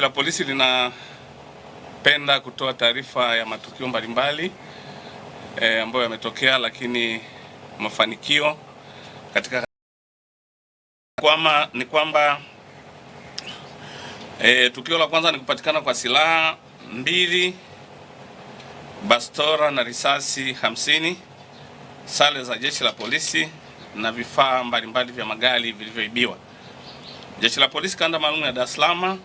La polisi linapenda kutoa taarifa ya matukio mbalimbali e, ambayo yametokea, lakini mafanikio katika kwama, ni kwamba e, tukio la kwanza ni kupatikana kwa silaha mbili, bastora na risasi hamsini, sare za jeshi la polisi na vifaa mbalimbali vya magari vilivyoibiwa. Jeshi la polisi kanda maalum ya Dar es Salaam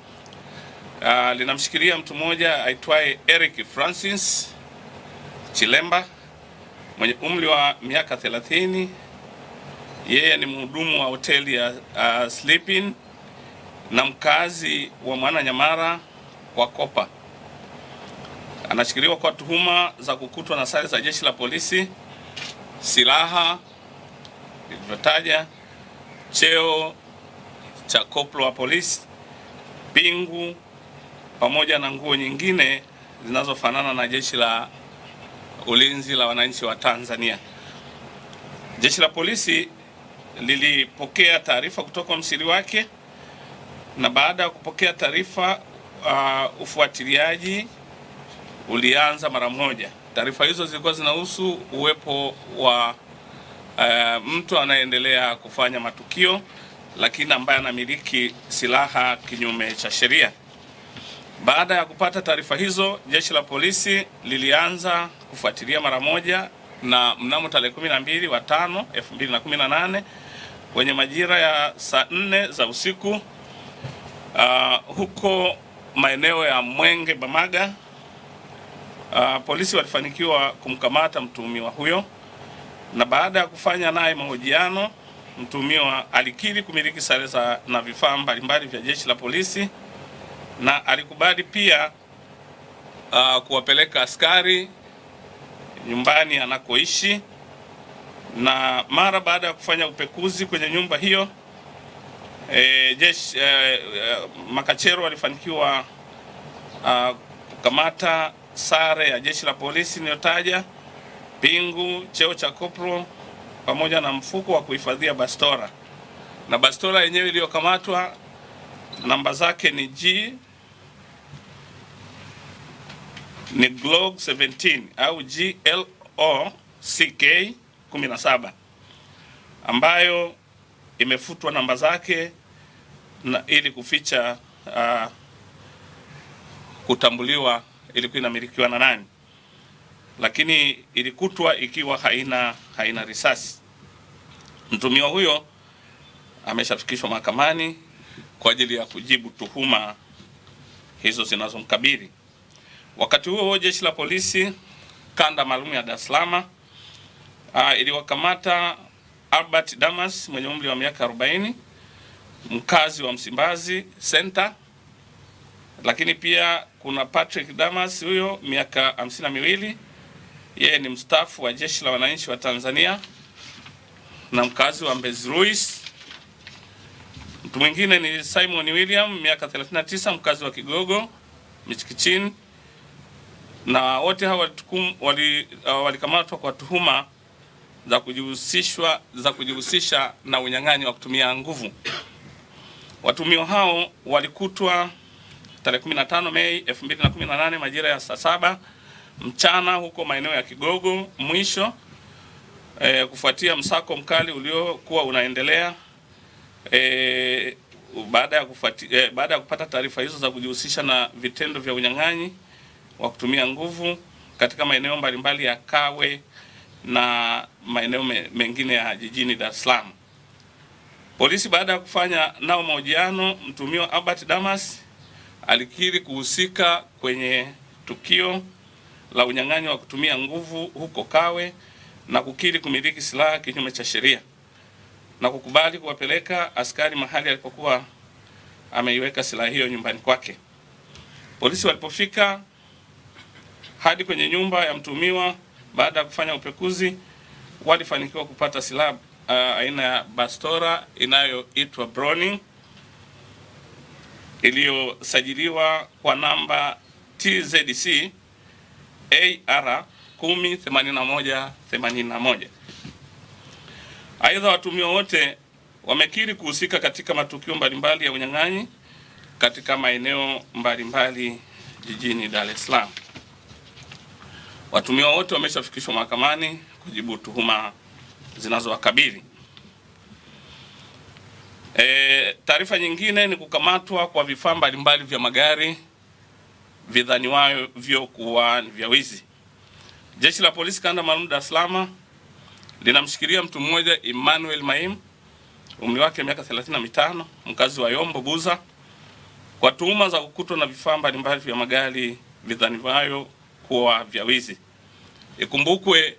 uh, linamshikilia mtu mmoja aitwaye Eric Francis Chilemba mwenye umri wa miaka 30. Yeye ni mhudumu wa hoteli ya uh, Sleeping na mkazi wa Mwananyamala kwa Kopa. Anashikiliwa kwa tuhuma za kukutwa na sare za jeshi la polisi, silaha ilivyotaja, cheo cha koplo wa polisi, pingu pamoja na nguo nyingine zinazofanana na jeshi la ulinzi la wananchi wa Tanzania. Jeshi la polisi lilipokea taarifa kutoka msiri wake na baada ya kupokea taarifa uh, ufuatiliaji ulianza mara moja. Taarifa hizo zilikuwa zinahusu uwepo wa uh, mtu anayeendelea kufanya matukio lakini ambaye anamiliki silaha kinyume cha sheria. Baada ya kupata taarifa hizo, jeshi la polisi lilianza kufuatilia mara moja, na mnamo tarehe 12 wa 5 2018 kwenye majira ya saa nne za usiku uh, huko maeneo ya Mwenge Bamaga, uh, polisi walifanikiwa kumkamata mtuhumiwa huyo, na baada ya kufanya naye mahojiano, mtuhumiwa alikiri kumiliki sare za na vifaa mbalimbali vya jeshi la polisi na alikubali pia uh, kuwapeleka askari nyumbani anakoishi, na mara baada ya kufanya upekuzi kwenye nyumba hiyo e, jeshi e, makachero alifanikiwa uh, ah, kukamata sare ya jeshi la polisi niliyotaja, pingu, cheo cha kopro pamoja na mfuko wa kuhifadhia bastora, na bastora yenyewe iliyokamatwa namba zake ni G ni Glock 17 au GLOCK 17 ambayo imefutwa namba zake na ili kuficha uh, kutambuliwa ilikuwa inamilikiwa na nani, lakini ilikutwa ikiwa haina haina risasi. Mtumiwa huyo ameshafikishwa mahakamani kwa ajili ya kujibu tuhuma hizo zinazomkabili. Wakati huo huo, jeshi la polisi kanda maalum ya Dar es Salaam uh, iliwakamata Albert Damas mwenye umri wa miaka 40 mkazi wa Msimbazi Center, lakini pia kuna Patrick Damas huyo miaka hamsini na miwili, yeye ni mstaafu wa jeshi la wananchi wa Tanzania na mkazi wa Mbezi Luis Mtu mwingine ni Simon William, miaka 39, mkazi wa Kigogo Michikichini, na wote hawa uh, walikamatwa kwa tuhuma za kujihusishwa za kujihusisha na unyang'anyi wa kutumia nguvu. Watumio hao walikutwa tarehe 15 Mei 2018 majira ya saa saba mchana huko maeneo ya Kigogo mwisho, eh, kufuatia msako mkali uliokuwa unaendelea e, baada ya kufati, e, baada ya kupata taarifa hizo za kujihusisha na vitendo vya unyang'anyi wa kutumia nguvu katika maeneo mbalimbali ya Kawe na maeneo me, mengine ya jijini Dar es Salaam. Polisi baada ya kufanya nao mahojiano, mtumio Albert Damas alikiri kuhusika kwenye tukio la unyang'anyi wa kutumia nguvu huko Kawe na kukiri kumiliki silaha kinyume cha sheria na kukubali kuwapeleka askari mahali alipokuwa ameiweka silaha hiyo nyumbani kwake. Polisi walipofika hadi kwenye nyumba ya mtuhumiwa baada ya kufanya upekuzi, walifanikiwa kupata silaha uh, aina ya bastora inayoitwa Browning iliyosajiliwa kwa namba TZC AR 108181. Aidha, watumio wote wamekiri kuhusika katika matukio mbalimbali ya unyang'anyi katika maeneo mbalimbali jijini Dar es Salaam. Watumio wote wameshafikishwa mahakamani kujibu tuhuma zinazowakabili. E, taarifa nyingine ni kukamatwa kwa vifaa mbalimbali vya magari vidhaniwavyo kuwa ni vya wizi. Jeshi la Polisi kanda maalum Dar es Salaam linamshikilia mtu mmoja Emmanuel Maim, umri wake miaka 35, mkazi wa Yombo Buza, kwa tuhuma za kukutwa na vifaa mbalimbali vya magari vidhaniwayo kuwa vya wizi. Ikumbukwe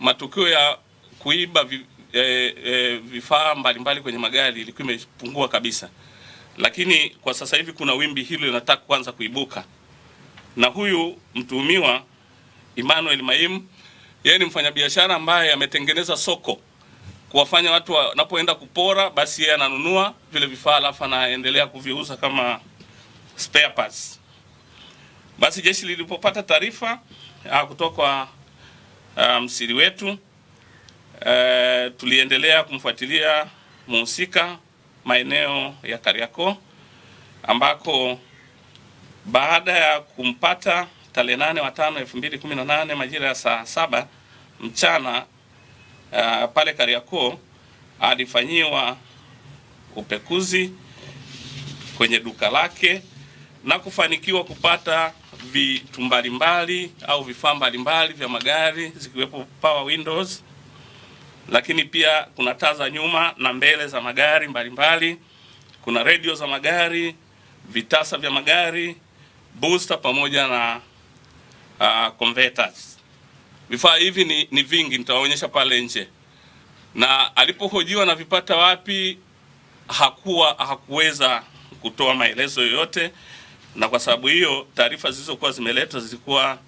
matukio ya kuiba vi, e, e, vifaa mbalimbali kwenye magari ilikuwa imepungua kabisa, lakini kwa sasa hivi kuna wimbi hilo linataka kuanza kuibuka, na huyu mtuhumiwa Emmanuel Maim yeye ni mfanyabiashara ambaye ametengeneza soko kuwafanya watu wanapoenda kupora, basi yeye ananunua vile vifaa alafu anaendelea kuviuza kama spare parts. Basi jeshi lilipopata taarifa ah, kutoka kwa ah, msiri um, wetu uh, tuliendelea kumfuatilia muhusika maeneo ya Kariakoo ambako baada ya kumpata tarehe nane wa tano elfu mbili kumi na nane majira ya saa saba mchana uh, pale Kariakoo alifanyiwa upekuzi kwenye duka lake na kufanikiwa kupata vitu mbalimbali au vifaa mbalimbali vya magari zikiwepo power windows, lakini pia kuna taa za nyuma na mbele za magari mbalimbali mbali. Kuna redio za magari, vitasa vya magari, booster pamoja na uh, converters. Vifaa hivi ni, ni vingi, nitaonyesha pale nje. Na alipohojiwa na vipata wapi, hakuwa hakuweza kutoa maelezo yoyote, na kwa sababu hiyo taarifa zilizokuwa zimeletwa zilikuwa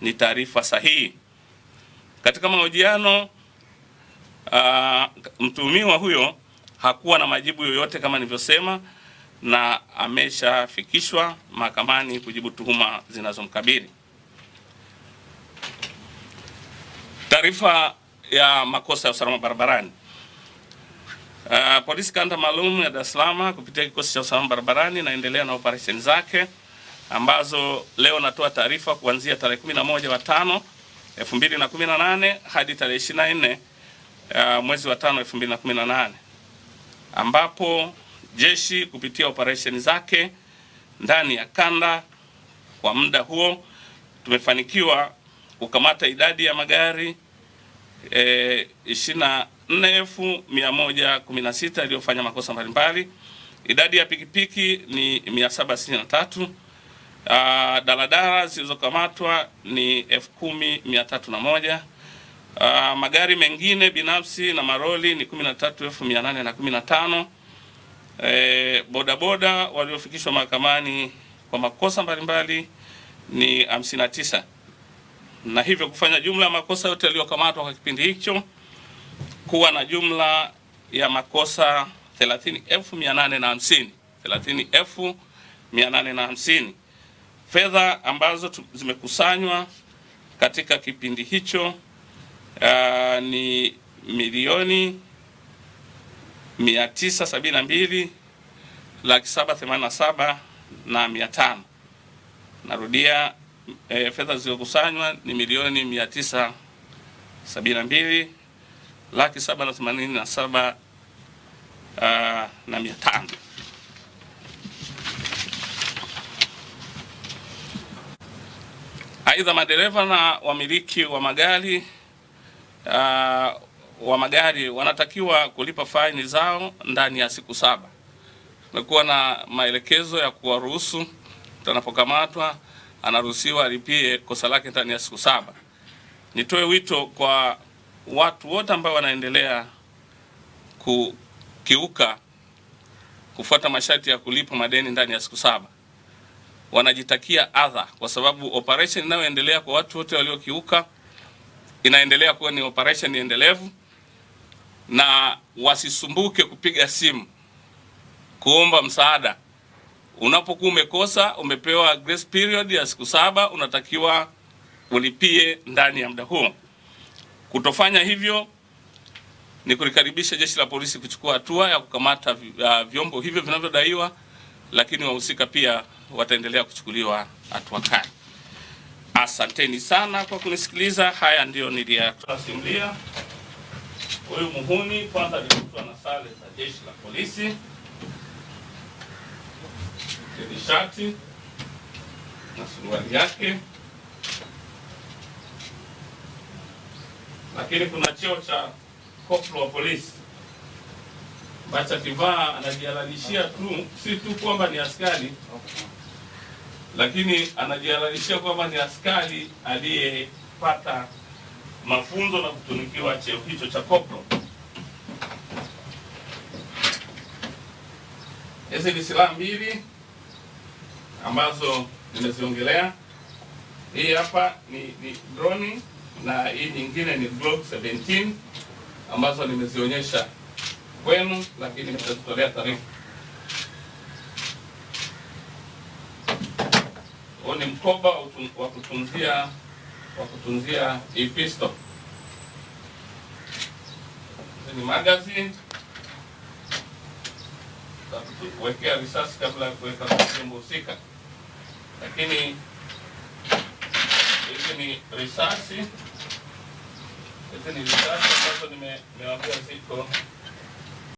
ni taarifa sahihi. Katika mahojiano uh, mtuhumiwa huyo hakuwa na majibu yoyote kama nilivyosema, na ameshafikishwa mahakamani kujibu tuhuma zinazomkabili. Taarifa ya makosa ya usalama barabarani. Uh, polisi kanda maalum ya Dar es Salaam kupitia kikosi cha usalama barabarani inaendelea na operesheni zake ambazo leo natoa taarifa kuanzia tarehe 11 wa 5 2018 hadi tarehe 24 uh, mwezi wa 5 2018 ambapo jeshi kupitia operesheni zake ndani ya kanda kwa muda huo tumefanikiwa kukamata idadi ya magari 1,000 eh, 24116 iliyofanya makosa mbalimbali. Idadi ya pikipiki ni 763. Uh, daladala zilizokamatwa ni 10301. Uh, magari mengine binafsi na maroli ni 13815. Eh, e, bodaboda waliofikishwa mahakamani kwa makosa mbalimbali ni 59 na hivyo kufanya jumla ya makosa yote yaliyokamatwa kwa kipindi hicho kuwa na jumla ya makosa 30,850 30,850 fedha ambazo zimekusanywa katika kipindi hicho uh, ni milioni 972 laki saba themanini na saba na mia tano. Narudia e, fedha zilizokusanywa ni milioni 972 laki saba ah, na mia tano. Aidha, madereva na wamiliki wa magari uh, wa magari wanatakiwa kulipa faini zao ndani ya siku saba na na maelekezo ya kuwaruhusu tanapokamatwa anaruhusiwa alipie kosa lake ndani ya siku saba. Nitoe wito kwa watu wote ambao wanaendelea kukiuka kufuata masharti ya kulipa madeni ndani ya siku saba, wanajitakia adha, kwa sababu operation inayoendelea kwa watu wote waliokiuka inaendelea kuwa ni operation endelevu, na wasisumbuke kupiga simu kuomba msaada Unapokuwa umekosa umepewa grace period ya siku saba, unatakiwa ulipie ndani ya muda huo. Kutofanya hivyo ni kulikaribisha jeshi la polisi kuchukua hatua ya kukamata vyombo hivyo vinavyodaiwa, lakini wahusika pia wataendelea kuchukuliwa hatua kali. Asanteni sana kwa kunisikiliza. Haya ndiyo niliyasimulia. Huyu muhuni kwanza alikutwa na sare za jeshi la polisi kwenye shati na suruali yake, lakini kuna cheo cha koplo wa polisi ambacho akivaa anajihalalishia tu, si tu kwamba ni askari, lakini anajihalalishia kwamba ni askari aliyepata mafunzo na kutunukiwa cheo hicho cha koplo. Hizi ni silaha mbili ambazo nimeziongelea. Hii hapa ni, ni droni na hii nyingine ni Glock 17 ambazo nimezionyesha kwenu, lakini nimetolea taarifa. Huu ni mkoba wa kutunzia wa kutunzia hii pistol. Ni magazine kuwekea risasi kabla ya kuweka sehemu husika lakini hizi ni risasi, hizi ni risasi ambazo nimewaambia ziko